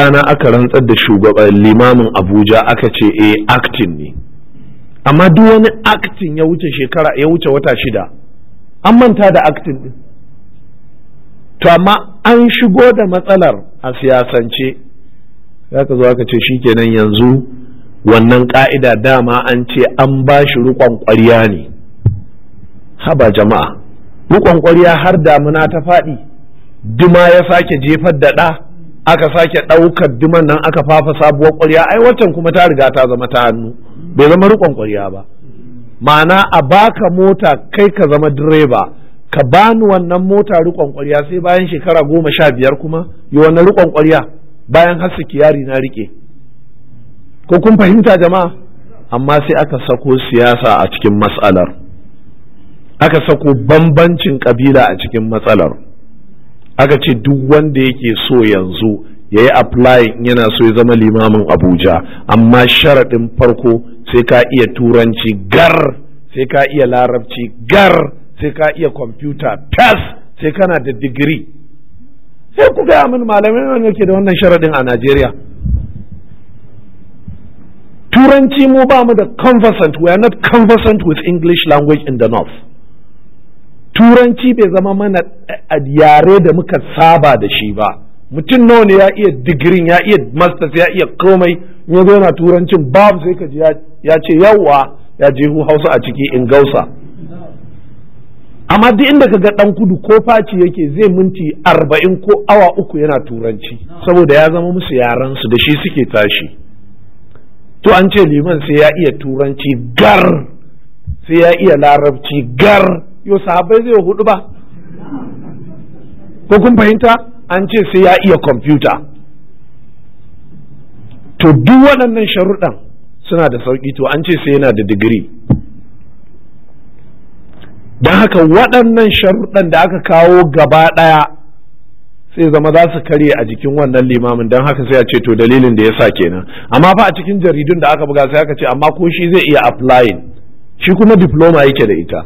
rana aka rantsar da shugaban limamin abuja aka ce a eh, acting ne amma duk wani acting ya wuce shekara ya wuce wata shida an manta da acting ɗin. to amma an shigo da matsalar a siyasance za ka zo aka ce shikenan yanzu wannan ka'ida dama an ce an ba shi rukon ƙwarya ne haba jama'a rukon ƙwarya har damuna ta faɗi duma ya sake jefar da ɗa aka sake ɗaukar diman nan aka fafa sabuwar ƙwarya ai waccan kuma ta riga ta zama ta hannu bai zama riƙon ƙwarya ba ma'ana a baka mota kai ka zama direba ka bani wannan mota riƙon ƙwarya sai bayan shekara goma sha biyar kuma yi wannan riƙon ƙwarya bayan har sikiyari na riƙe ko kun fahimta jama'a amma sai aka sako siyasa a cikin matsalar aka sako bambancin ƙabila a cikin matsalar aka ce duk wanda yake so yanzu ya yi apply yana so ya zama limamin abuja amma sharaɗin farko sai ka iya turanci gar sai ka iya larabci gar sai ka iya kwamfuta tas sai kana da digiri sai ku gaya min malamai wanda ke da wannan sharaɗin a najeriya turanci mu ba mu da conversant we are not conversant with english language in the north turanci bai zama mana yare da muka saba da shi ba mutum nawa ne ya iya digirin ya iya masters ya iya komai ya zo yana turancin babu sai ka ji ya ce yawwa. ya je hausa a ciki in gausa amma duk inda ka ga dan kudu ko faci yake zai minti arba'in ko awa uku yana turanci saboda ya zama musu yaran su da shi suke tashi to an ce liman sai ya iya turanci gar sai ya iya larabci gar yo sahabbai zai hudu ba ko kun fahimta an ce sai ya iya kwamfuta to duk waɗannan sharuɗan suna da sauƙi to an ce sai yana da digiri don haka waɗannan sharuɗan da aka kawo gaba ɗaya sai zama za su karye a jikin wannan limamin don haka sai a ce to dalilin da ya sa kenan amma fa a cikin jaridun da aka buga sai aka ce amma ko shi zai iya applying shi kuma diploma yake da ita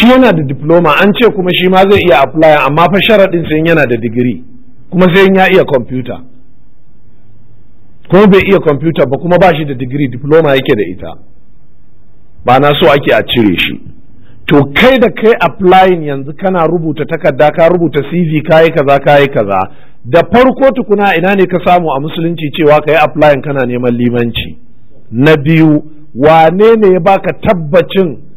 shi yana da diploma an ce kuma shi ma zai iya apply amma fa sharaɗin sai yana da digiri kuma sai ya iya computer. kuma bai iya computer ba kuma ba shi da digiri diploma yake da ita ba na so ake a cire shi to kai da kai applying yanzu kana rubuta takarda ka rubuta cv kayi kaza kayi kaza da farko tukuna ina ne ka samu a musulunci cewa ka yi applying kana neman limanci na biyu wane ne ya baka tabbacin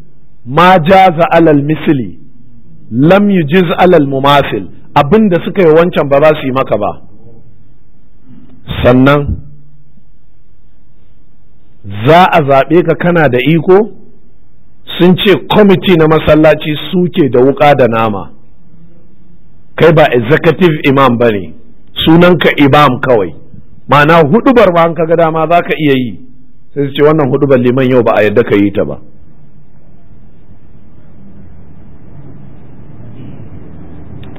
ma jaza alal misli lam yujiz alal mumasil abinda suka yi wancan ba za su yi maka ba sannan za a zaɓe ka kana da iko sun ce kwamiti na masallaci suke da wuƙa da nama kai ba executive imam ba ne sunanka imam kawai ma'ana hudubar ba an kaga dama za ka iya yi sai su ce wannan hudubar liman yau ba a yadda ka yi ta ba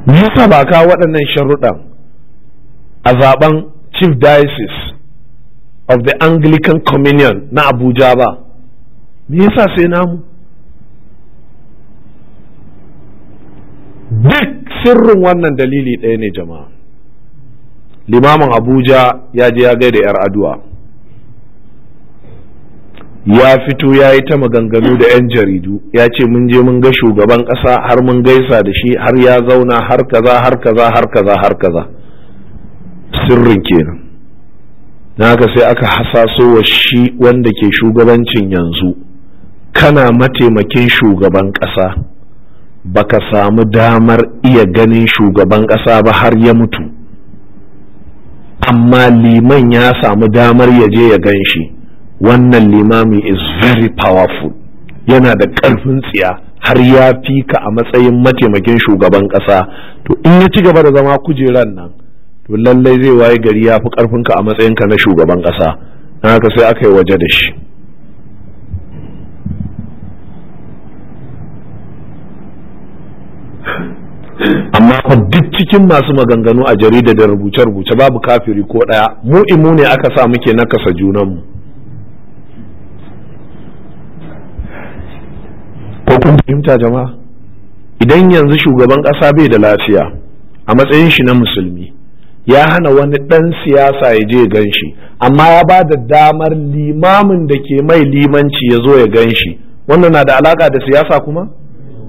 musa ba ka waɗannan sharuɗan a zaben chief diocese of the anglican communion na abuja ba me yasa sai namu duk sirrin wannan dalili ɗaya ne jama'a limamin abuja ya je ya gaida 'yar aduwa ya fito ya yi ta maganganu da 'yan jaridu ya ce mun je mun ga shugaban ƙasa har mun gaisa da shi har ya zauna har kaza har kaza har kaza har kaza sirrin kenan na haka sai aka hasaso wa shi wanda ke shugabancin yanzu kana mataimakin shugaban ƙasa baka samu damar iya ganin shugaban ƙasa ba har ya mutu amma liman ya samu damar ya je ya gan shi wannan limami is very powerful yana da ƙarfin tsiya har ya fi ka a matsayin mataimakin shugaban ƙasa to in ya ci gaba da zama kujeran nan to lallai zai waye gari ya fi ka a matsayin ka na shugaban ƙasa na haka sai aka yi waje da shi amma fa duk cikin masu maganganu a jarida da rubuce-rubuce babu kafiri ko ɗaya mu imu ne aka sa muke nakasa junanmu ko kun fahimta jama'a idan yanzu shugaban ƙasa bai da lafiya a matsayin shi na musulmi ya hana wani ɗan siyasa ya je gan shi amma ya ba da damar limamin da ke mai limanci ya zo ya gan shi wannan na da alaƙa da siyasa kuma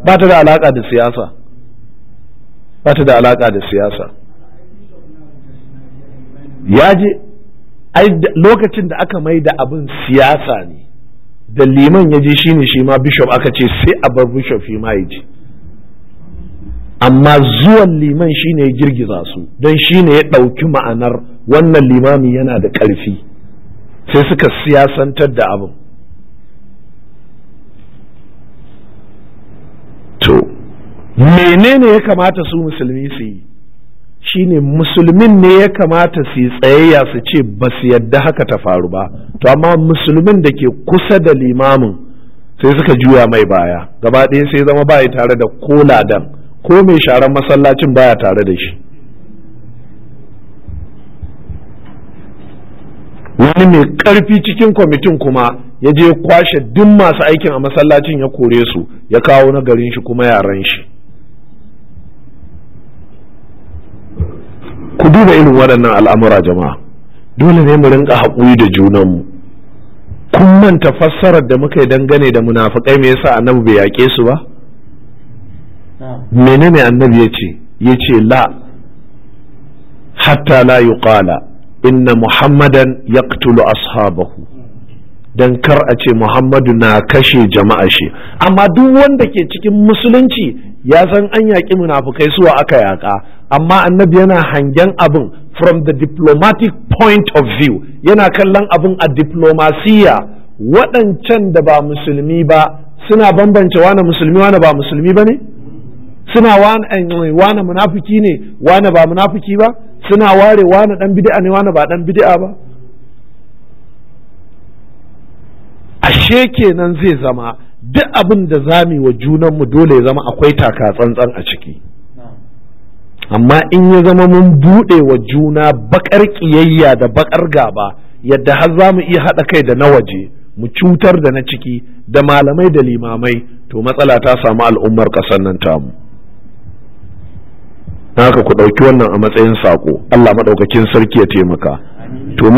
ba ta da alaƙa da siyasa ba ta da alaƙa da siyasa ya je lokacin da aka mai da abin siyasa ne da liman ya ji shine shi ma bishop aka ce sai a bar bishop shi ma ya amma zuwan liman shine ya girgiza su don shi ne ya ɗauki ma'anar wannan limami yana da ƙarfi sai suka siyasantar da abin to menene ya kamata su musulmi su yi shine musulmin ne ya kamata su yi tsayayya su ce ba su yadda haka ta faru ba to amma musulmin da ke kusa da limamin sai suka juya mai baya gaba ɗaya sai zama baya tare da ko ladan ko mai sharan masallacin baya tare da shi wani mai ƙarfi cikin kwamitin kuma ya je kwashe duk masu aikin a masallacin ya kore su ya kawo na garin shi kuma yaran shi ku duba irin waɗannan al'amura jama'a dole ne mu rinka haƙuri da junanmu kun manta fassarar da muka yi dangane da munafukai me yasa annabi bai yaƙe su ba menene annabi ya ce ya ce la hatta la yuqala inna muhammadan yaqtulu ashabahu dan kar a ce muhammadu na kashe jama'a shi amma duk wanda ke cikin musulunci ya san an yaƙi munafukai suwa aka yaƙa amma annabi yana hangen abin from the diplomatic point of view yana kallon abin a diplomasiya waɗancan da ba musulmi ba suna bambance wane musulmi wane ba musulmi ba ne suna wane eh, munafiki ne wane ba munafiki ba suna ware wane ɗan bid'a ne wane ba ɗan bid'a ba ashe kenan zai zama duk abin da yi wa junanmu dole ya zama akwai taka tsantsan a ciki amma in ya zama mun buɗe wa juna bakar ƙiyayya da bakar gaba yadda har za mu iya haɗa kai da na waje mu cutar da na ciki da malamai da limamai to matsala ta samu al'ummar ƙasar nan tamu haka ku ɗauki wannan a matsayin sako Allah maɗaukakin sarki ya taimaka to